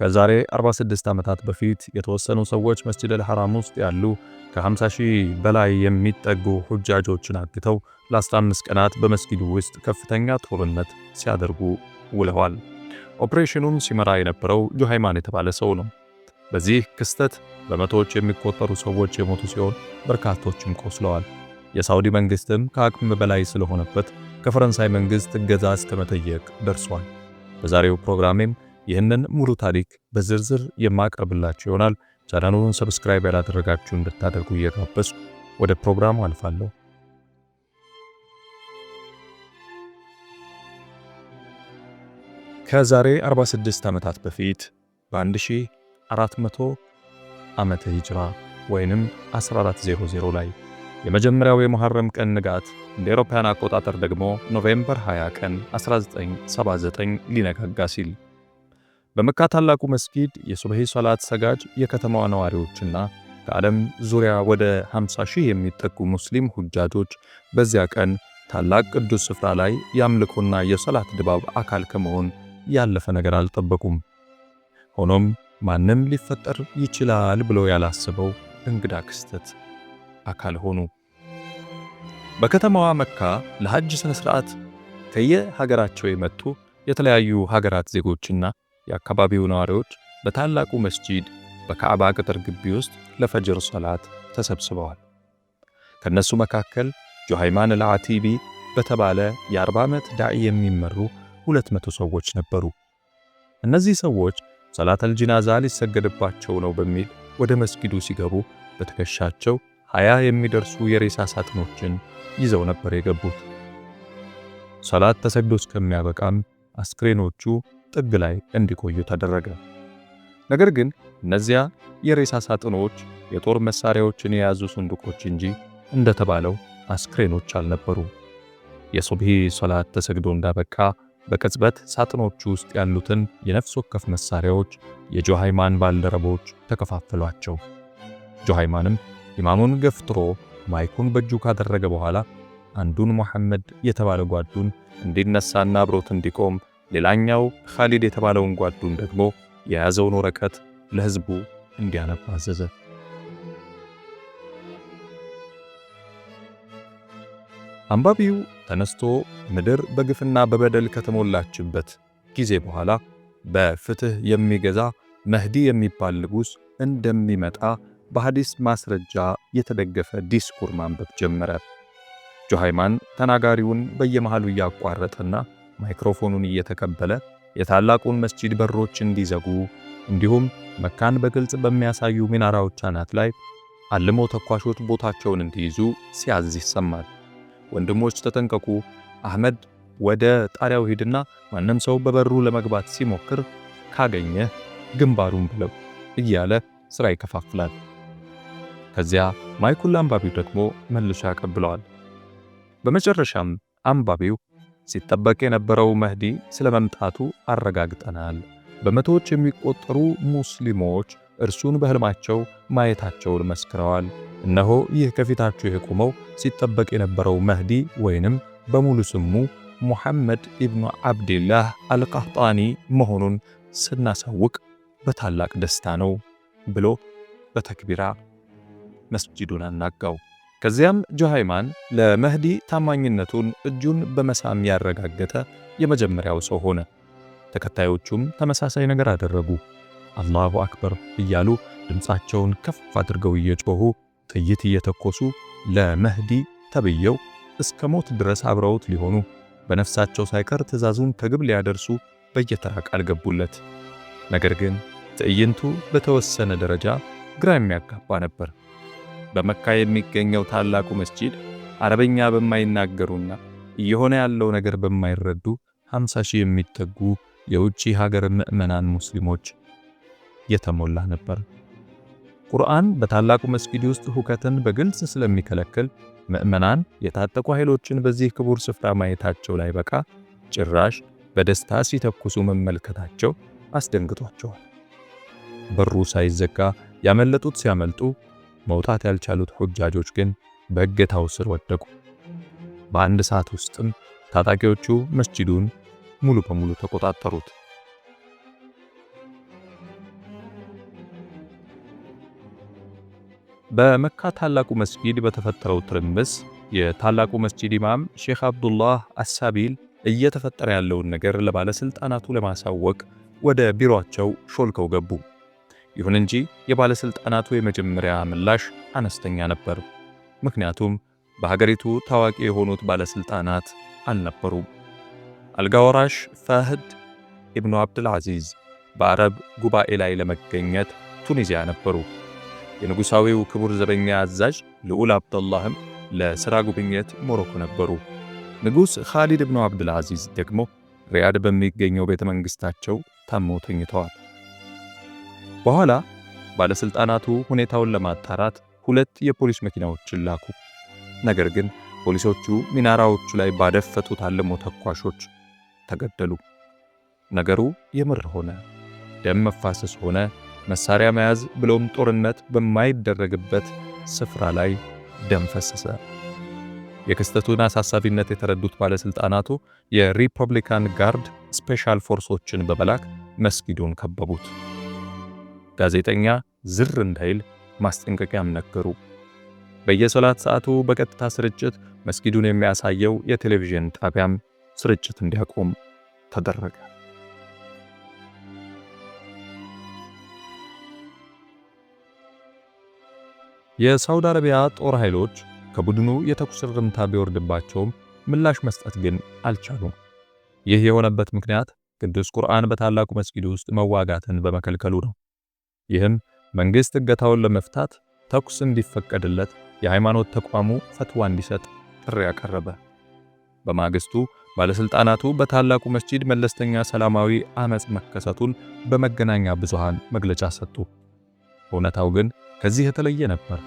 ከዛሬ 46 ዓመታት በፊት የተወሰኑ ሰዎች መስጂድ አልሐራም ውስጥ ያሉ ከ50 ሺህ በላይ የሚጠጉ ሁጃጆችን አግተው ለ15 ቀናት በመስጊዱ ውስጥ ከፍተኛ ጦርነት ሲያደርጉ ውለዋል። ኦፕሬሽኑን ሲመራ የነበረው ጁሃይማን የተባለ ሰው ነው። በዚህ ክስተት በመቶዎች የሚቆጠሩ ሰዎች የሞቱ ሲሆን በርካቶችም ቆስለዋል። የሳውዲ መንግስትም ከአቅም በላይ ስለሆነበት ከፈረንሳይ መንግስት እገዛ እስከመጠየቅ ደርሷል። በዛሬው ፕሮግራሜም ይህንን ሙሉ ታሪክ በዝርዝር የማቀርብላችሁ ይሆናል። ቻናሉን ሰብስክራይብ ያላደረጋችሁ እንድታደርጉ እየጋበዝኩ ወደ ፕሮግራሙ አልፋለሁ። ከዛሬ 46 ዓመታት በፊት በ1400 ዓመተ ሂጅራ ወይንም 1400 ላይ የመጀመሪያው የሙሐረም ቀን ንጋት እንደ አውሮፓውያን አቆጣጠር ደግሞ ኖቬምበር 20 ቀን 1979 ሊነጋጋ ሲል በመካ ታላቁ መስጊድ የሱብሄ ሰላት ሰጋጅ የከተማዋ ነዋሪዎችና ከዓለም ዙሪያ ወደ 50 ሺህ የሚጠጉ ሙስሊም ሁጃጆች በዚያ ቀን ታላቅ ቅዱስ ስፍራ ላይ የአምልኮና የሰላት ድባብ አካል ከመሆን ያለፈ ነገር አልጠበቁም። ሆኖም ማንም ሊፈጠር ይችላል ብሎ ያላሰበው እንግዳ ክስተት አካል ሆኑ። በከተማዋ መካ ለሐጅ ሥነ ሥርዓት ከየሀገራቸው የመጡ የተለያዩ ሀገራት ዜጎችና የአካባቢው ነዋሪዎች በታላቁ መስጂድ በካዕባ ቅጥር ግቢ ውስጥ ለፈጅር ሰላት ተሰብስበዋል። ከነሱ መካከል ጆሃይማን አልዓቲቢ በተባለ የ40 ዓመት ዳዒ የሚመሩ 200 ሰዎች ነበሩ። እነዚህ ሰዎች ሰላት አልጂናዛ ሊሰገድባቸው ነው በሚል ወደ መስጊዱ ሲገቡ በትከሻቸው ሀያ የሚደርሱ የሬሳ ሳጥኖችን ይዘው ነበር የገቡት። ሰላት ተሰግዶ እስከሚያበቃም አስክሬኖቹ ጥግ ላይ እንዲቆዩ ተደረገ። ነገር ግን እነዚያ የሬሳ ሳጥኖች የጦር መሳሪያዎችን የያዙ ሱንዱቆች እንጂ እንደተባለው አስክሬኖች አልነበሩ። የሶብሂ ሶላት ተሰግዶ እንዳበቃ በቅጽበት ሳጥኖቹ ውስጥ ያሉትን የነፍስ ወከፍ መሳሪያዎች የጆሃይማን ባልደረቦች ተከፋፈሏቸው። ጆሃይማንም ኢማሙን ገፍትሮ ማይኩን በእጁ ካደረገ በኋላ አንዱን መሐመድ የተባለ ጓዱን እንዲነሳና አብሮት እንዲቆም ሌላኛው ኻሊድ የተባለውን ጓዱን ደግሞ የያዘውን ወረቀት ለሕዝቡ እንዲያነብ አዘዘ። አንባቢው ተነስቶ ምድር በግፍና በበደል ከተሞላችበት ጊዜ በኋላ በፍትህ የሚገዛ መህዲ የሚባል ንጉሥ እንደሚመጣ በሐዲስ ማስረጃ የተደገፈ ዲስኩር ማንበብ ጀመረ። ጆሃይማን ተናጋሪውን በየመሃሉ እያቋረጠና ማይክሮፎኑን እየተቀበለ የታላቁን መስጂድ በሮች እንዲዘጉ እንዲሁም መካን በግልጽ በሚያሳዩ ሚናራዎች አናት ላይ አልሞ ተኳሾች ቦታቸውን እንዲይዙ ሲያዝ ይሰማል። ወንድሞች ተጠንቀቁ፣ አህመድ ወደ ጣሪያው ሂድና ማንም ሰው በበሩ ለመግባት ሲሞክር ካገኘ ግንባሩን ብለው እያለ ስራ ይከፋፍላል። ከዚያ ማይኩል አንባቢው ደግሞ መልሶ ያቀብለዋል። በመጨረሻም አንባቢው ሲጠበቅ የነበረው መህዲ ስለ መምጣቱ አረጋግጠናል። በመቶዎች የሚቆጠሩ ሙስሊሞች እርሱን በሕልማቸው ማየታቸውን መስክረዋል። እነሆ ይህ ከፊታችሁ የቆመው ሲጠበቅ የነበረው መህዲ ወይንም በሙሉ ስሙ ሙሐመድ ኢብኑ ዓብዲላህ አልቃህጣኒ መሆኑን ስናሳውቅ በታላቅ ደስታ ነው ብሎ በተክቢራ መስጂዱን አናጋው። ከዚያም ጁሃይማን ለመህዲ ታማኝነቱን እጁን በመሳም ያረጋገጠ የመጀመሪያው ሰው ሆነ። ተከታዮቹም ተመሳሳይ ነገር አደረጉ። አላሁ አክበር እያሉ ድምፃቸውን ከፍ አድርገው እየጮሁ ጥይት እየተኮሱ ለመህዲ ተብየው እስከ ሞት ድረስ አብረውት ሊሆኑ በነፍሳቸው ሳይቀር ትእዛዙን ከግብ ሊያደርሱ በየተራ ቃል ገቡለት። ነገር ግን ትዕይንቱ በተወሰነ ደረጃ ግራ የሚያጋባ ነበር። በመካ የሚገኘው ታላቁ መስጂድ አረበኛ በማይናገሩና እየሆነ ያለው ነገር በማይረዱ 50 ሺህ የሚጠጉ የውጭ ሀገር ምዕመናን ሙስሊሞች የተሞላ ነበር። ቁርአን በታላቁ መስጊድ ውስጥ ሁከትን በግልጽ ስለሚከለክል ምዕመናን የታጠቁ ኃይሎችን በዚህ ክቡር ስፍራ ማየታቸው ላይ በቃ ጭራሽ በደስታ ሲተኩሱ መመልከታቸው አስደንግጧቸዋል። በሩ ሳይዘጋ ያመለጡት ሲያመልጡ መውጣት ያልቻሉት ሁጃጆች ግን በእገታው ስር ወደቁ። በአንድ ሰዓት ውስጥም ታጣቂዎቹ መስጂዱን ሙሉ በሙሉ ተቆጣጠሩት። በመካ ታላቁ መስጊድ በተፈጠረው ትርምስ የታላቁ መስጂድ ኢማም ሼክ አብዱላህ አሳቢል እየተፈጠረ ያለውን ነገር ለባለስልጣናቱ ለማሳወቅ ወደ ቢሮአቸው ሾልከው ገቡ። ይሁን እንጂ የባለሥልጣናቱ የመጀመሪያ ምላሽ አነስተኛ ነበር። ምክንያቱም በሀገሪቱ ታዋቂ የሆኑት ባለሥልጣናት አልነበሩም። አልጋ ወራሽ ፋህድ ኢብኑ አብድልዓዚዝ በአረብ ጉባኤ ላይ ለመገኘት ቱኒዚያ ነበሩ። የንጉሣዊው ክቡር ዘበኛ አዛዥ ልዑል አብደላህም ለሥራ ጉብኝት ሞሮኮ ነበሩ። ንጉሥ ኻሊድ ኢብኑ አብድልዓዚዝ ደግሞ ሪያድ በሚገኘው ቤተ መንግሥታቸው ታመው ተኝተዋል። በኋላ ባለሥልጣናቱ ሁኔታውን ለማጣራት ሁለት የፖሊስ መኪናዎችን ላኩ። ነገር ግን ፖሊሶቹ ሚናራዎቹ ላይ ባደፈጡት ታልሞ ተኳሾች ተገደሉ። ነገሩ የምር ሆነ። ደም መፋሰስ ሆነ። መሳሪያ መያዝ ብሎም ጦርነት በማይደረግበት ስፍራ ላይ ደም ፈሰሰ። የክስተቱን አሳሳቢነት የተረዱት ባለሥልጣናቱ የሪፐብሊካን ጋርድ ስፔሻል ፎርሶችን በመላክ መስጊዱን ከበቡት። ጋዜጠኛ ዝር እንዳይል ማስጠንቀቂያም ነገሩ። በየሰላት ሰዓቱ በቀጥታ ስርጭት መስጊዱን የሚያሳየው የቴሌቪዥን ጣቢያም ስርጭት እንዲያቆም ተደረገ። የሳውዲ አረቢያ ጦር ኃይሎች ከቡድኑ የተኩስ እርምታ ቢወርድባቸውም ምላሽ መስጠት ግን አልቻሉም። ይህ የሆነበት ምክንያት ቅዱስ ቁርአን በታላቁ መስጊድ ውስጥ መዋጋትን በመከልከሉ ነው። ይህም መንግሥት እገታውን ለመፍታት ተኩስ እንዲፈቀድለት የሃይማኖት ተቋሙ ፈትዋ እንዲሰጥ ጥሪ አቀረበ። በማግስቱ ባለሥልጣናቱ በታላቁ መስጂድ መለስተኛ ሰላማዊ ዓመፅ መከሰቱን በመገናኛ ብዙሃን መግለጫ ሰጡ። እውነታው ግን ከዚህ የተለየ ነበር።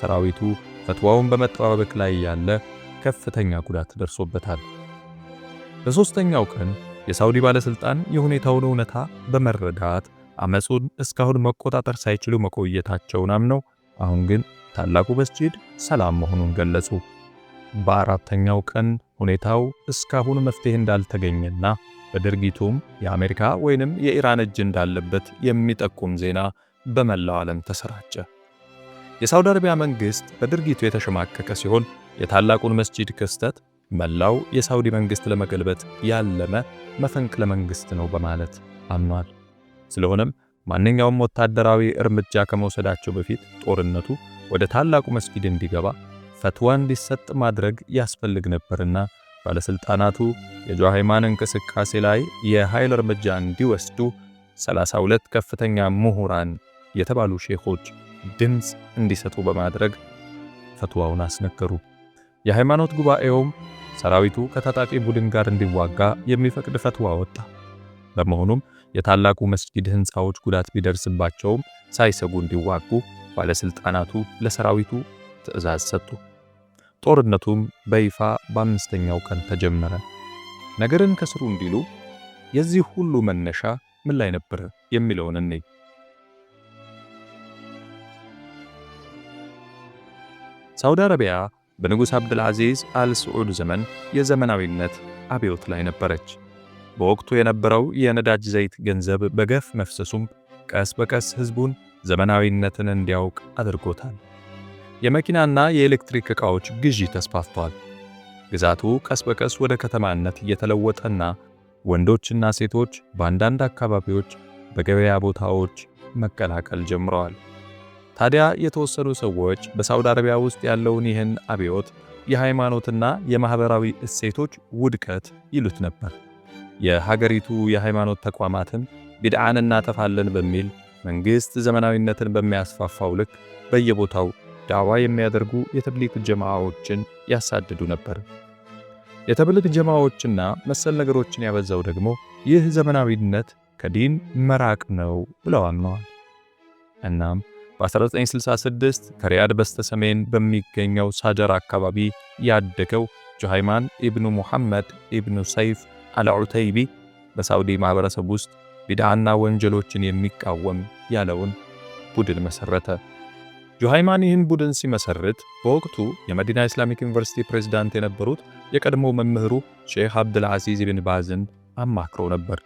ሰራዊቱ ፈትዋውን በመጠባበቅ ላይ ያለ ከፍተኛ ጉዳት ደርሶበታል። በሦስተኛው ቀን የሳውዲ ባለሥልጣን የሁኔታውን እውነታ በመረዳት አመፁን እስካሁን መቆጣጠር ሳይችሉ መቆየታቸውን አምነው አሁን ግን ታላቁ መስጂድ ሰላም መሆኑን ገለጹ። በአራተኛው ቀን ሁኔታው እስካሁን መፍትሄ እንዳልተገኘና በድርጊቱም የአሜሪካ ወይንም የኢራን እጅ እንዳለበት የሚጠቁም ዜና በመላው ዓለም ተሰራጨ። የሳውዲ አረቢያ መንግስት በድርጊቱ የተሸማቀቀ ሲሆን የታላቁን መስጂድ ክስተት መላው የሳውዲ መንግስት ለመገልበጥ ያለመ መፈንቅለ ለመንግስት ነው በማለት አምኗል። ስለሆነም ማንኛውም ወታደራዊ እርምጃ ከመውሰዳቸው በፊት ጦርነቱ ወደ ታላቁ መስጊድ እንዲገባ ፈትዋ እንዲሰጥ ማድረግ ያስፈልግ ነበርና ባለሥልጣናቱ የጁሃይማን እንቅስቃሴ ላይ የኃይል እርምጃ እንዲወስዱ 32 ከፍተኛ ምሁራን የተባሉ ሼኾች ድምፅ እንዲሰጡ በማድረግ ፈትዋውን አስነገሩ። የሃይማኖት ጉባኤውም ሰራዊቱ ከታጣቂ ቡድን ጋር እንዲዋጋ የሚፈቅድ ፈትዋ ወጣ። በመሆኑም የታላቁ መስጊድ ሕንፃዎች ጉዳት ቢደርስባቸውም ሳይሰጉ እንዲዋጉ ባለስልጣናቱ ለሰራዊቱ ትዕዛዝ ሰጡ። ጦርነቱም በይፋ በአምስተኛው ቀን ተጀመረ። ነገርን ከስሩ እንዲሉ የዚህ ሁሉ መነሻ ምን ላይ ነበር የሚለውን እኔ ሳውዲ አረቢያ በንጉሥ አብድልዓዚዝ አልስዑድ ዘመን የዘመናዊነት አብዮት ላይ ነበረች። በወቅቱ የነበረው የነዳጅ ዘይት ገንዘብ በገፍ መፍሰሱም ቀስ በቀስ ሕዝቡን ዘመናዊነትን እንዲያውቅ አድርጎታል። የመኪናና የኤሌክትሪክ ዕቃዎች ግዢ ተስፋፍቷል። ግዛቱ ቀስ በቀስ ወደ ከተማነት እየተለወጠና ወንዶችና ሴቶች በአንዳንድ አካባቢዎች በገበያ ቦታዎች መቀላቀል ጀምረዋል። ታዲያ የተወሰኑ ሰዎች በሳውዲ አረቢያ ውስጥ ያለውን ይህን አብዮት የሃይማኖትና የማኅበራዊ እሴቶች ውድቀት ይሉት ነበር። የሀገሪቱ የሃይማኖት ተቋማትም ቢድዓን እናተፋለን በሚል መንግሥት ዘመናዊነትን በሚያስፋፋው ልክ በየቦታው ዳዋ የሚያደርጉ የተብሊግ ጀማዎችን ያሳድዱ ነበር። የተብሊግ ጀማዎችና መሰል ነገሮችን ያበዛው ደግሞ ይህ ዘመናዊነት ከዲን መራቅ ነው ብለው አምነዋል። እናም በ1966 ከሪያድ በስተሰሜን በሚገኘው ሳጀር አካባቢ ያደገው ጁሃይማን ኢብኑ ሙሐመድ ኢብኑ ሰይፍ አልዑተይቢ በሳዑዲ ማህበረሰብ ውስጥ ቢድዓና ወንጀሎችን የሚቃወም ያለውን ቡድን መሰረተ። ጁሃይማን ይህን ቡድን ሲመሰርት በወቅቱ የመዲና ኢስላሚክ ዩኒቨርሲቲ ፕሬዝዳንት የነበሩት የቀድሞ መምህሩ ሼህ አብድልዓዚዝ ብን ባዝን አማክሮ ነበር።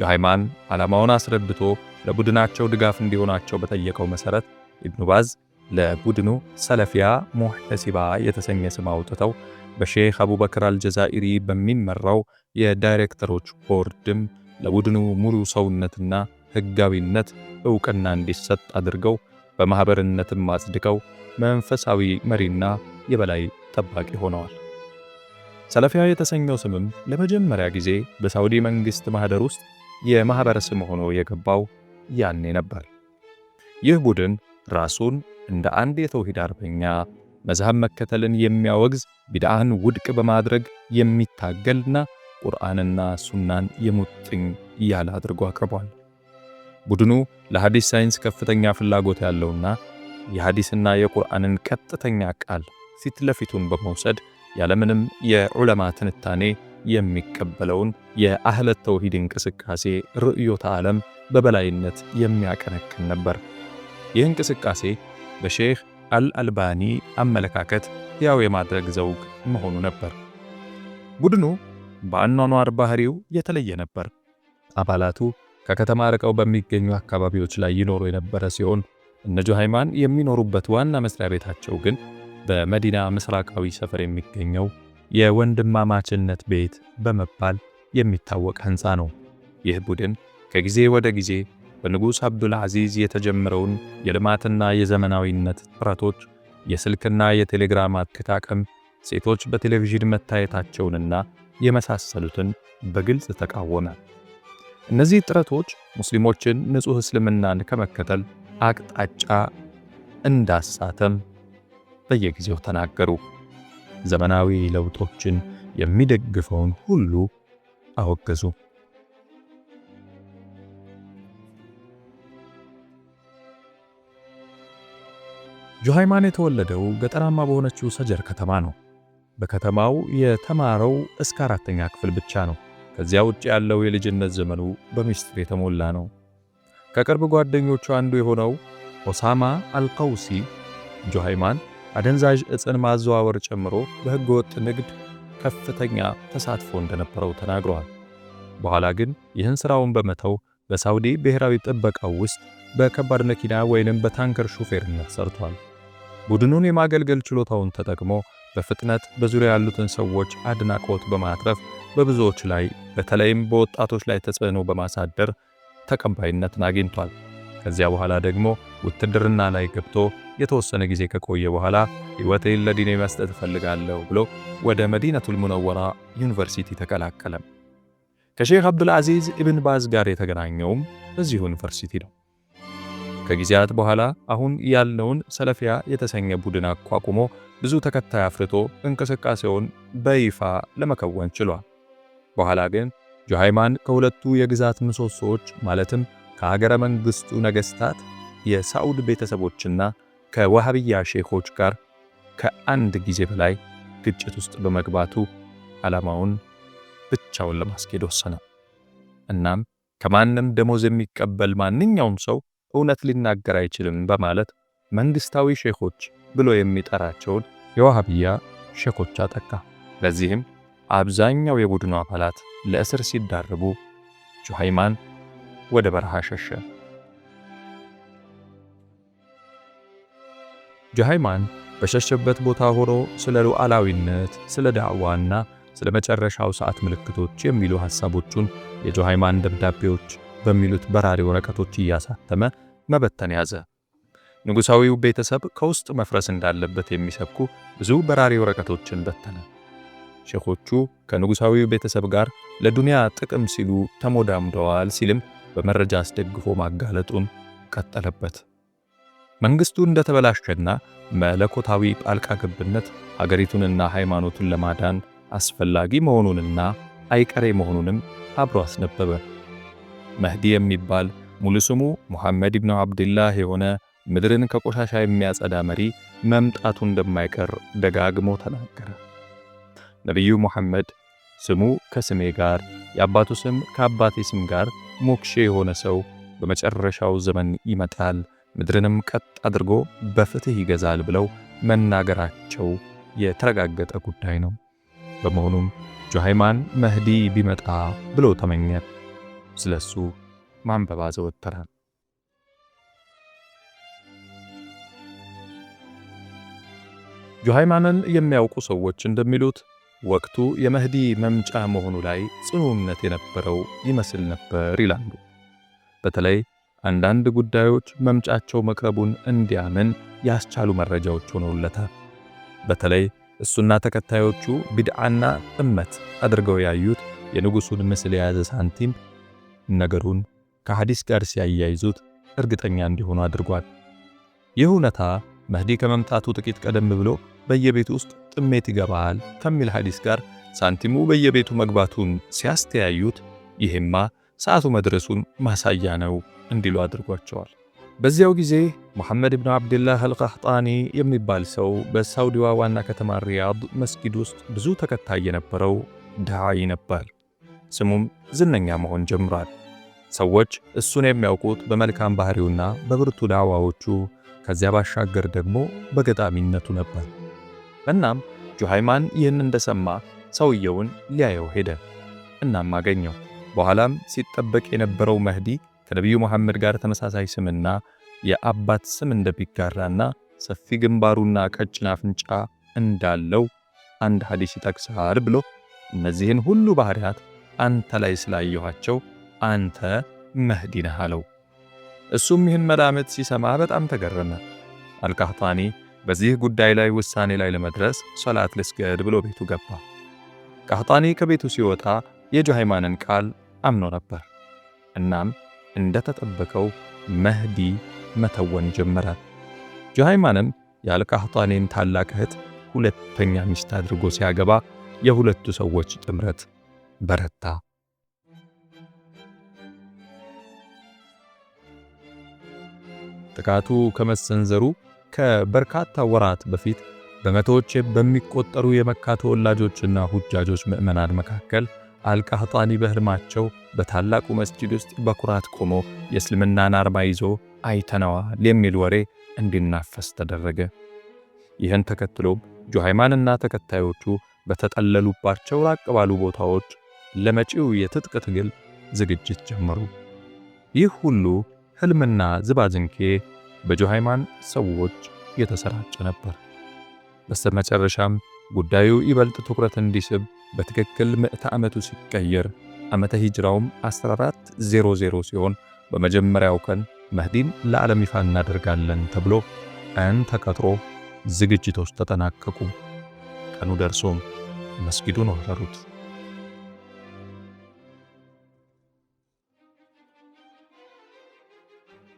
ጁሃይማን ዓላማውን አስረድቶ ለቡድናቸው ድጋፍ እንዲሆናቸው በጠየቀው መሰረት ኢብኑ ባዝ ለቡድኑ ሰለፊያ ሙሕተሲባ የተሰኘ ስም አውጥተው በሼህ አቡበክር አልጀዛኢሪ በሚመራው የዳይሬክተሮች ቦርድም ለቡድኑ ሙሉ ሰውነትና ሕጋዊነት ዕውቅና እንዲሰጥ አድርገው በማኅበርነትም አጽድቀው መንፈሳዊ መሪና የበላይ ጠባቂ ሆነዋል። ሰለፊያ የተሰኘው ስምም ለመጀመሪያ ጊዜ በሳውዲ መንግሥት ማኅደር ውስጥ የማኅበረ ስም ሆኖ የገባው ያኔ ነበር። ይህ ቡድን ራሱን እንደ አንድ የተውሂድ አርበኛ መዝሃብ መከተልን የሚያወግዝ ቢድአህን ውድቅ በማድረግ የሚታገልና ቁርአንና ሱናን የሙጥኝ እያለ አድርጎ አቅርቧል። ቡድኑ ለሐዲስ ሳይንስ ከፍተኛ ፍላጎት ያለውና የሐዲስና የቁርአንን ቀጥተኛ ቃል ፊት ለፊቱን በመውሰድ ያለምንም የዑለማ ትንታኔ የሚቀበለውን የአህለ ተውሂድ እንቅስቃሴ ርዕዮተ ዓለም በበላይነት የሚያቀነክን ነበር። ይህ እንቅስቃሴ በሼህ አልአልባኒ አመለካከት ሕያው የማድረግ ዘውግ መሆኑ ነበር። ቡድኑ በአኗኗር ባህሪው የተለየ ነበር። አባላቱ ከከተማ ርቀው በሚገኙ አካባቢዎች ላይ ይኖሩ የነበረ ሲሆን እነ ጁሃይማን የሚኖሩበት ዋና መስሪያ ቤታቸው ግን በመዲና ምስራቃዊ ሰፈር የሚገኘው የወንድማማችነት ቤት በመባል የሚታወቅ ሕንፃ ነው። ይህ ቡድን ከጊዜ ወደ ጊዜ በንጉሥ አብዱል አዚዝ የተጀመረውን የልማትና የዘመናዊነት ጥረቶች፣ የስልክና የቴሌግራም አጠቃቀም፣ ሴቶች በቴሌቪዥን መታየታቸውንና የመሳሰሉትን በግልጽ ተቃወመ። እነዚህ ጥረቶች ሙስሊሞችን ንጹሕ እስልምናን ከመከተል አቅጣጫ እንዳሳተም በየጊዜው ተናገሩ። ዘመናዊ ለውጦችን የሚደግፈውን ሁሉ አወገዙ። ጁሃይማን የተወለደው ገጠራማ በሆነችው ሰጀር ከተማ ነው። በከተማው የተማረው እስከ አራተኛ ክፍል ብቻ ነው። ከዚያ ውጭ ያለው የልጅነት ዘመኑ በሚስጥር የተሞላ ነው። ከቅርብ ጓደኞቹ አንዱ የሆነው ኦሳማ አልቀውሲ ጆሃይማን አደንዛዥ ዕፅን ማዘዋወር ጨምሮ በሕገ ወጥ ንግድ ከፍተኛ ተሳትፎ እንደነበረው ተናግሯል። በኋላ ግን ይህን ሥራውን በመተው በሳውዲ ብሔራዊ ጥበቃው ውስጥ በከባድ መኪና ወይንም በታንከር ሹፌርነት ሰርቷል። ቡድኑን የማገልገል ችሎታውን ተጠቅሞ በፍጥነት በዙሪያ ያሉትን ሰዎች አድናቆት በማትረፍ በብዙዎች ላይ በተለይም በወጣቶች ላይ ተጽዕኖ በማሳደር ተቀባይነትን አግኝቷል። ከዚያ በኋላ ደግሞ ውትድርና ላይ ገብቶ የተወሰነ ጊዜ ከቆየ በኋላ ሕይወቴን ለዲኔ መስጠት እፈልጋለሁ ብሎ ወደ መዲነቱል ሙነወራ ዩኒቨርሲቲ ተቀላቀለ። ከሼክ አብዱልዓዚዝ ኢብን ባዝ ጋር የተገናኘውም በዚሁ ዩኒቨርሲቲ ነው። ከጊዜያት በኋላ አሁን ያለውን ሰለፊያ የተሰኘ ቡድን አቋቁሞ ብዙ ተከታይ አፍርቶ እንቅስቃሴውን በይፋ ለመከወን ችሏል። በኋላ ግን ጆሃይማን ከሁለቱ የግዛት ምሰሶዎች ማለትም ከሀገረ መንግስቱ ነገስታት፣ የሳዑድ ቤተሰቦችና ከወሃብያ ሼኾች ጋር ከአንድ ጊዜ በላይ ግጭት ውስጥ በመግባቱ ዓላማውን ብቻውን ለማስኬድ ወሰነ። እናም ከማንም ደሞዝ የሚቀበል ማንኛውም ሰው እውነት ሊናገር አይችልም በማለት መንግስታዊ ሼኾች ብሎ የሚጠራቸውን የዋሃብያ ሼኮች አጠቃ። በዚህም አብዛኛው የቡድኑ አባላት ለእስር ሲዳረጉ ጁሃይማን ወደ በረሃ ሸሸ። ጁሃይማን በሸሸበት ቦታ ሆኖ ስለ ሉዓላዊነት፣ ስለ ዳዕዋና ስለ መጨረሻው ሰዓት ምልክቶች የሚሉ ሐሳቦቹን የጁሃይማን ደብዳቤዎች በሚሉት በራሪ ወረቀቶች እያሳተመ መበተን ያዘ። ንጉሣዊው ቤተሰብ ከውስጥ መፍረስ እንዳለበት የሚሰብኩ ብዙ በራሪ ወረቀቶችን በተነ። ሼኾቹ ከንጉሣዊው ቤተሰብ ጋር ለዱንያ ጥቅም ሲሉ ተሞዳምደዋል ሲልም በመረጃ አስደግፎ ማጋለጡን ቀጠለበት። መንግሥቱ እንደተበላሸና መለኮታዊ ጣልቃ ገብነት ሀገሪቱንና ሃይማኖቱን ለማዳን አስፈላጊ መሆኑንና አይቀሬ መሆኑንም አብሮ አስነበበ። መህዲ የሚባል ሙሉ ስሙ ሙሐመድ ኢብኑ አብድላህ የሆነ ምድርን ከቆሻሻ የሚያጸዳ መሪ መምጣቱ እንደማይቀር ደጋግሞ ተናገረ። ነቢዩ ሙሐመድ ስሙ ከስሜ ጋር የአባቱ ስም ከአባቴ ስም ጋር ሞክሼ የሆነ ሰው በመጨረሻው ዘመን ይመጣል፣ ምድርንም ቀጥ አድርጎ በፍትህ ይገዛል ብለው መናገራቸው የተረጋገጠ ጉዳይ ነው። በመሆኑም ጆሃይማን መህዲ ቢመጣ ብሎ ተመኘ። ስለሱ ማንበብ አዘወተራል። ጁሃይማንን የሚያውቁ ሰዎች እንደሚሉት ወቅቱ የመህዲ መምጫ መሆኑ ላይ ጽኑ እምነት የነበረው ይመስል ነበር ይላሉ። በተለይ አንዳንድ ጉዳዮች መምጫቸው መቅረቡን እንዲያምን ያስቻሉ መረጃዎች ሆነውለታል። በተለይ እሱና ተከታዮቹ ቢድዓና ጥመት አድርገው ያዩት የንጉሱን ምስል የያዘ ሳንቲም ነገሩን ከሐዲስ ጋር ሲያያይዙት እርግጠኛ እንዲሆኑ አድርጓል። ይህ እውነታ መህዲ ከመምጣቱ ጥቂት ቀደም ብሎ በየቤቱ ውስጥ ጥሜት ይገባል ከሚል ሐዲስ ጋር ሳንቲሙ በየቤቱ መግባቱን ሲያስተያዩት ይሄማ ሰዓቱ መድረሱን ማሳያ ነው እንዲሉ አድርጓቸዋል። በዚያው ጊዜ መሐመድ ብኑ ዓብድላህ አልቀህጣኒ የሚባል ሰው በሳውዲዋ ዋና ከተማ ሪያድ መስጊድ ውስጥ ብዙ ተከታይ የነበረው ዳዓይ ነበር። ስሙም ዝነኛ መሆን ጀምሯል። ሰዎች እሱን የሚያውቁት በመልካም ባህሪውና በብርቱ ዳዋዎቹ ከዚያ ባሻገር ደግሞ በገጣሚነቱ ነበር። እናም ጁሃይማን ይህን እንደሰማ ሰውየውን ሊያየው ሄደ። እናም አገኘው። በኋላም ሲጠበቅ የነበረው መህዲ ከነቢዩ መሐመድ ጋር ተመሳሳይ ስምና የአባት ስም እንደሚጋራና ሰፊ ግንባሩና ቀጭን አፍንጫ እንዳለው አንድ ሐዲስ ይጠቅሳል ብሎ እነዚህን ሁሉ ባህሪያት አንተ ላይ ስላየኋቸው አንተ መህዲ ነህ አለው። እሱም ይህን መላምት ሲሰማ በጣም ተገረመ። አልካህታኔ በዚህ ጉዳይ ላይ ውሳኔ ላይ ለመድረስ ሶላት ልስገድ ብሎ ቤቱ ገባ። ቃህጣኒ ከቤቱ ሲወጣ የጁሃይማንን ቃል አምኖ ነበር። እናም እንደተጠበቀው መህዲ መተወን ጀመረ። ጁሃይማንም ያለ ቃህጣኒን ታላቅ እህት ሁለተኛ ሚስት አድርጎ ሲያገባ የሁለቱ ሰዎች ጥምረት በረታ። ጥቃቱ ከመሰንዘሩ ከበርካታ ወራት በፊት በመቶዎች በሚቆጠሩ የመካ ተወላጆችና ሁጃጆች ምዕመናን መካከል አልቃህጣኒ በህልማቸው በታላቁ መስጂድ ውስጥ በኩራት ቆሞ የእስልምናን አርማ ይዞ አይተነዋል የሚል ወሬ እንዲናፈስ ተደረገ። ይህን ተከትሎም ጁሃይማንና ተከታዮቹ በተጠለሉባቸው ራቅ ባሉ ቦታዎች ለመጪው የትጥቅ ትግል ዝግጅት ጀመሩ። ይህ ሁሉ ህልምና ዝባዝንኬ በጁሃይማን ሰዎች የተሰራጨ ነበር። በስተመጨረሻም ጉዳዩ ይበልጥ ትኩረት እንዲስብ በትክክል ምዕተ ዓመቱ ሲቀየር ዓመተ ሂጅራውም 1400 ሲሆን በመጀመሪያው ቀን መህዲን ለዓለም ይፋ እናደርጋለን ተብሎ ቀን ተቀጥሮ ዝግጅቶች ተጠናቀቁ። ቀኑ ደርሶም መስጊዱን ወረሩት።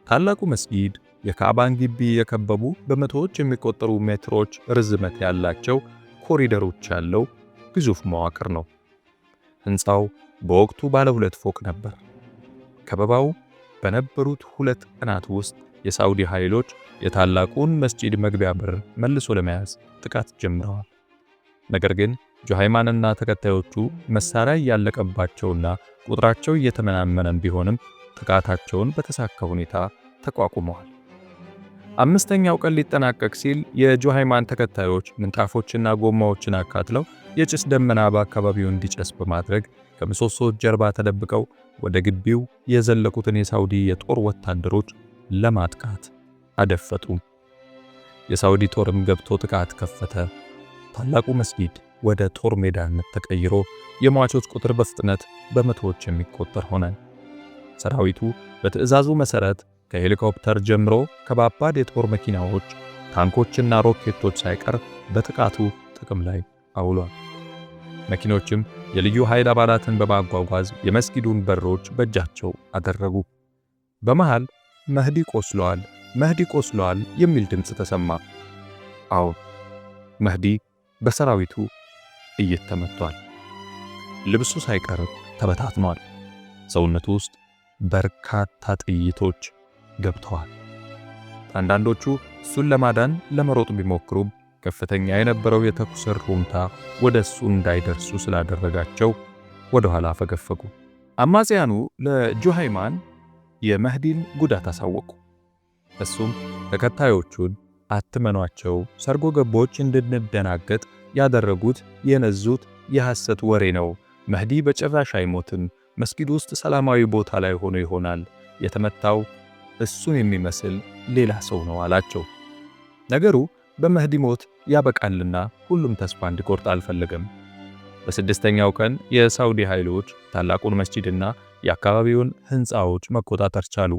ታላቁ መስጊድ የካዕባን ግቢ የከበቡ በመቶዎች የሚቆጠሩ ሜትሮች ርዝመት ያላቸው ኮሪደሮች ያለው ግዙፍ መዋቅር ነው። ሕንፃው በወቅቱ ባለ ሁለት ፎቅ ነበር። ከበባው በነበሩት ሁለት ቀናት ውስጥ የሳውዲ ኃይሎች የታላቁን መስጂድ መግቢያ በር መልሶ ለመያዝ ጥቃት ጀምረዋል። ነገር ግን ጆሃይማንና ተከታዮቹ መሳሪያ እያለቀባቸውና ቁጥራቸው እየተመናመነም ቢሆንም ጥቃታቸውን በተሳካ ሁኔታ ተቋቁመዋል። አምስተኛው ቀን ሊጠናቀቅ ሲል የጆሃይማን ተከታዮች ምንጣፎችና ጎማዎችን አካትለው የጭስ ደመና በአካባቢው እንዲጨስ በማድረግ ከምሰሶዎች ጀርባ ተደብቀው ወደ ግቢው የዘለቁትን የሳውዲ የጦር ወታደሮች ለማጥቃት አደፈጡ። የሳውዲ ጦርም ገብቶ ጥቃት ከፈተ። ታላቁ መስጊድ ወደ ጦር ሜዳነት ተቀይሮ የሟቾች ቁጥር በፍጥነት በመቶዎች የሚቆጠር ሆነን ሰራዊቱ በትዕዛዙ መሠረት ከሄሊኮፕተር ጀምሮ ከባባድ የጦር መኪናዎች፣ ታንኮችና ሮኬቶች ሳይቀር በጥቃቱ ጥቅም ላይ አውሏል። መኪኖችም የልዩ ኃይል አባላትን በማጓጓዝ የመስጊዱን በሮች በእጃቸው አደረጉ። በመሃል መህዲ ቆስሏል፣ መህዲ ቆስሏል የሚል ድምፅ ተሰማ። አዎ መህዲ በሰራዊቱ እየተመቷል። ተመቷል። ልብሱ ሳይቀር ተበታትኗል። ሰውነቱ ውስጥ በርካታ ጥይቶች ገብተዋል። አንዳንዶቹ እሱን ለማዳን ለመሮጥ ቢሞክሩም ከፍተኛ የነበረው የተኩስ ሩምታ ወደ እሱ እንዳይደርሱ ስላደረጋቸው ወደ ኋላ ፈገፈጉ። አማጽያኑ ለጁሃይማን የመህዲን ጉዳት አሳወቁ። እሱም ተከታዮቹን አትመኗቸው፣ ሰርጎ ገቦች እንድንደናገጥ ያደረጉት የነዙት የሐሰት ወሬ ነው፣ መህዲ በጭራሽ አይሞትም መስጊድ ውስጥ ሰላማዊ ቦታ ላይ ሆኖ ይሆናል የተመታው እሱን የሚመስል ሌላ ሰው ነው አላቸው። ነገሩ በመህዲ ሞት ያበቃልና ሁሉም ተስፋ እንዲቆርጥ አልፈለገም። በስድስተኛው ቀን የሳውዲ ኃይሎች ታላቁን መስጂድና የአካባቢውን ሕንፃዎች መቆጣጠር ቻሉ።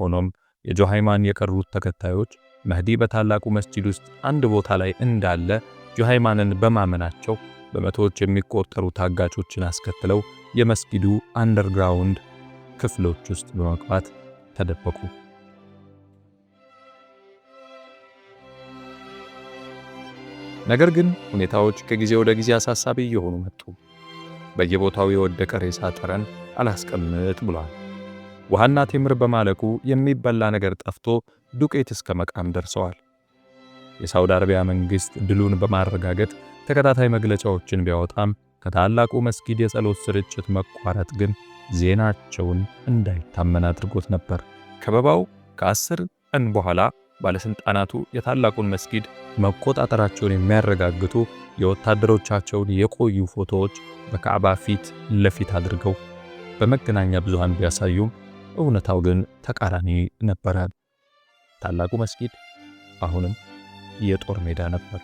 ሆኖም የጆሃይማን የቀሩት ተከታዮች መህዲ በታላቁ መስጂድ ውስጥ አንድ ቦታ ላይ እንዳለ ጆሃይማንን በማመናቸው በመቶዎች የሚቆጠሩ ታጋቾችን አስከትለው የመስጊዱ አንደርግራውንድ ክፍሎች ውስጥ በመግባት ተደበቁ። ነገር ግን ሁኔታዎች ከጊዜ ወደ ጊዜ አሳሳቢ እየሆኑ መጡ። በየቦታው የወደቀ ሬሳ ጠረን አላስቀምጥ ብሏል። ውሃና ቴምር በማለቁ የሚበላ ነገር ጠፍቶ ዱቄት እስከ መቃም ደርሰዋል። የሳውዲ አረቢያ መንግሥት ድሉን በማረጋገጥ ተከታታይ መግለጫዎችን ቢያወጣም ከታላቁ መስጊድ የጸሎት ስርጭት መቋረጥ ግን ዜናቸውን እንዳይታመን አድርጎት ነበር። ከበባው ከአስር ቀን በኋላ ባለስልጣናቱ የታላቁን መስጊድ መቆጣጠራቸውን የሚያረጋግጡ የወታደሮቻቸውን የቆዩ ፎቶዎች በካዕባ ፊት ለፊት አድርገው በመገናኛ ብዙሃን ቢያሳዩም እውነታው ግን ተቃራኒ ነበረ። ታላቁ መስጊድ አሁንም የጦር ሜዳ ነበር።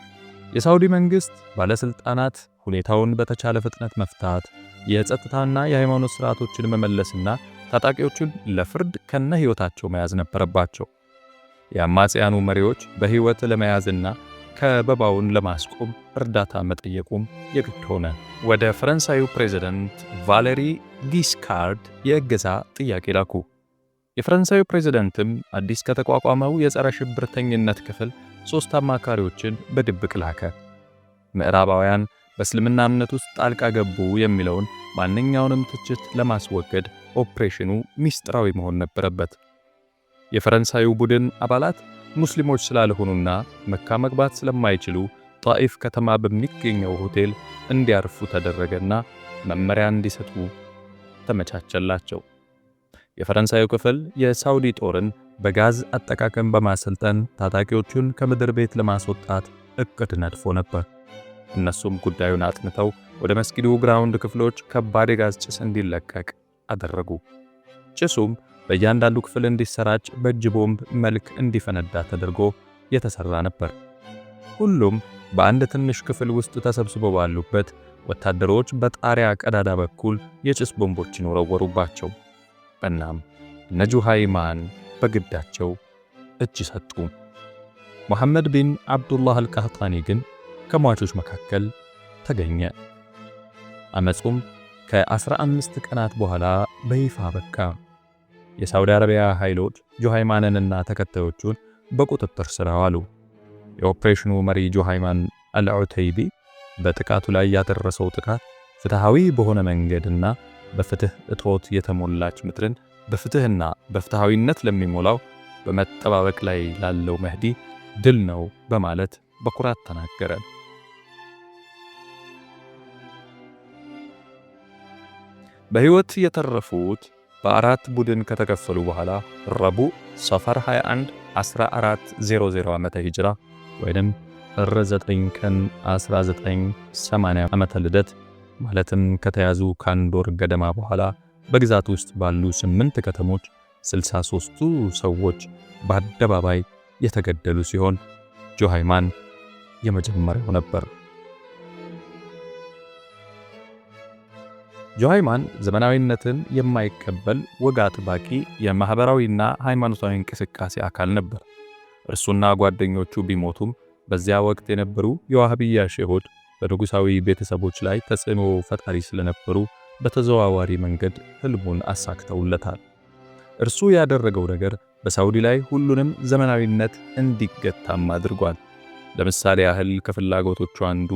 የሳውዲ መንግስት ባለስልጣናት ሁኔታውን በተቻለ ፍጥነት መፍታት፣ የጸጥታና የሃይማኖት ስርዓቶችን መመለስና ታጣቂዎቹን ለፍርድ ከነ ህይወታቸው መያዝ ነበረባቸው። የአማጽያኑ መሪዎች በህይወት ለመያዝና ከበባውን ለማስቆም እርዳታ መጠየቁም የግድ ሆነ። ወደ ፈረንሳዩ ፕሬዚደንት ቫሌሪ ጊስካርድ የእገዛ ጥያቄ ላኩ። የፈረንሳዩ ፕሬዚደንትም አዲስ ከተቋቋመው የጸረ ሽብርተኝነት ክፍል ሦስት አማካሪዎችን በድብቅ ላከ። ምዕራባውያን በእስልምና እምነት ውስጥ ጣልቃ ገቡ የሚለውን ማንኛውንም ትችት ለማስወገድ ኦፕሬሽኑ ሚስጥራዊ መሆን ነበረበት። የፈረንሳዩ ቡድን አባላት ሙስሊሞች ስላልሆኑና መካ መግባት ስለማይችሉ ጣኢፍ ከተማ በሚገኘው ሆቴል እንዲያርፉ ተደረገና መመሪያ እንዲሰጡ ተመቻቸላቸው። የፈረንሳዩ ክፍል የሳውዲ ጦርን በጋዝ አጠቃቀም በማሰልጠን ታጣቂዎቹን ከምድር ቤት ለማስወጣት እቅድ ነድፎ ነበር። እነሱም ጉዳዩን አጥንተው ወደ መስጊዱ ግራውንድ ክፍሎች ከባድ የጋዝ ጭስ እንዲለቀቅ አደረጉ። ጭሱም በእያንዳንዱ ክፍል እንዲሰራጭ በእጅ ቦምብ መልክ እንዲፈነዳ ተደርጎ የተሰራ ነበር። ሁሉም በአንድ ትንሽ ክፍል ውስጥ ተሰብስበው ባሉበት ወታደሮች በጣሪያ ቀዳዳ በኩል የጭስ ቦምቦችን ወረወሩባቸው። እናም ነጁሃይማን በግዳቸው እጅ ሰጡ። ሙሐመድ ቢን አብዱላህ አልካህታኒ ግን ከሟቾች መካከል ተገኘ። አመጹም ከ15 ቀናት በኋላ በይፋ በካ። የሳውዲ አረቢያ ኃይሎች ጆሃይማንንና ተከታዮቹን በቁጥጥር ስር አዋሉ። የኦፕሬሽኑ መሪ ጆሃይማን አልዑተይቢ በጥቃቱ ላይ ያደረሰው ጥቃት ፍትሃዊ በሆነ መንገድና በፍትህ እጦት የተሞላች ምድርን በፍትህና በፍትሐዊነት ለሚሞላው በመጠባበቅ ላይ ላለው መህዲ ድል ነው በማለት በኩራት ተናገረ። በሕይወት የተረፉት በአራት ቡድን ከተከፈሉ በኋላ ረቡዕ ሰፈር 21 1400 ዓመተ ሂጅራ ወይም ጥር 9 ቀን 1980 ዓመተ ልደት ማለትም ከተያዙ ከአንድ ወር ገደማ በኋላ በግዛት ውስጥ ባሉ ስምንት ከተሞች 63ቱ ሰዎች በአደባባይ የተገደሉ ሲሆን ጆሃይማን የመጀመሪያው ነበር። ጆሃይማን ዘመናዊነትን የማይቀበል ወግ አጥባቂ የማኅበራዊና ሃይማኖታዊ እንቅስቃሴ አካል ነበር። እርሱና ጓደኞቹ ቢሞቱም በዚያ ወቅት የነበሩ የዋህብያ ሼሆድ በንጉሣዊ ቤተሰቦች ላይ ተጽዕኖ ፈጣሪ ስለነበሩ በተዘዋዋሪ መንገድ ህልሙን አሳክተውለታል። እርሱ ያደረገው ነገር በሳውዲ ላይ ሁሉንም ዘመናዊነት እንዲገታም አድርጓል። ለምሳሌ ያህል ከፍላጎቶቹ አንዱ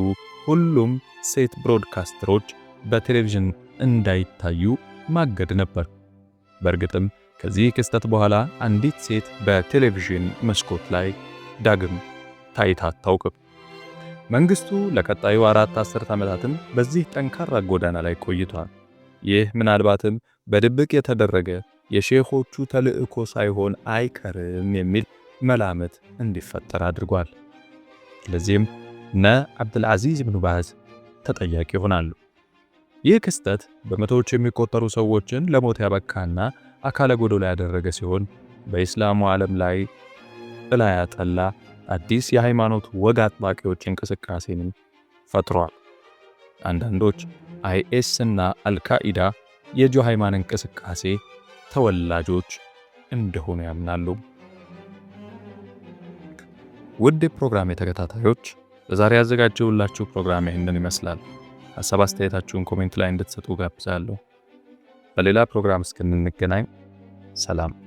ሁሉም ሴት ብሮድካስተሮች በቴሌቪዥን እንዳይታዩ ማገድ ነበር። በእርግጥም ከዚህ ክስተት በኋላ አንዲት ሴት በቴሌቪዥን መስኮት ላይ ዳግም ታይታ አታውቅም። መንግስቱ ለቀጣዩ አራት አስርት ዓመታትም በዚህ ጠንካራ ጎዳና ላይ ቆይቷል። ይህ ምናልባትም በድብቅ የተደረገ የሼኾቹ ተልዕኮ ሳይሆን አይቀርም የሚል መላምት እንዲፈጠር አድርጓል። ስለዚህም እነ አብድልዓዚዝ ብኑ ባዝ ተጠያቂ ይሆናሉ። ይህ ክስተት በመቶዎች የሚቆጠሩ ሰዎችን ለሞት ያበካና አካለ ጎዶላ ያደረገ ሲሆን በኢስላሙ ዓለም ላይ ጥላ ያጠላ አዲስ የሃይማኖት ወግ አጥባቂዎች እንቅስቃሴንም ፈጥሯል። አንዳንዶች አይኤስ እና አልካኢዳ ሃይማን እንቅስቃሴ ተወላጆች እንደሆኑ ያምናሉ። ውድ ፕሮግራሜ ተከታታዮች በዛሬ ያዘጋጀውላችሁ ፕሮግራም ይህንን ይመስላል። ሀሳብ አስተያየታችሁን ኮሜንት ላይ እንድትሰጡ ጋብዛለሁ። በሌላ ፕሮግራም እስክንገናኝ ሰላም።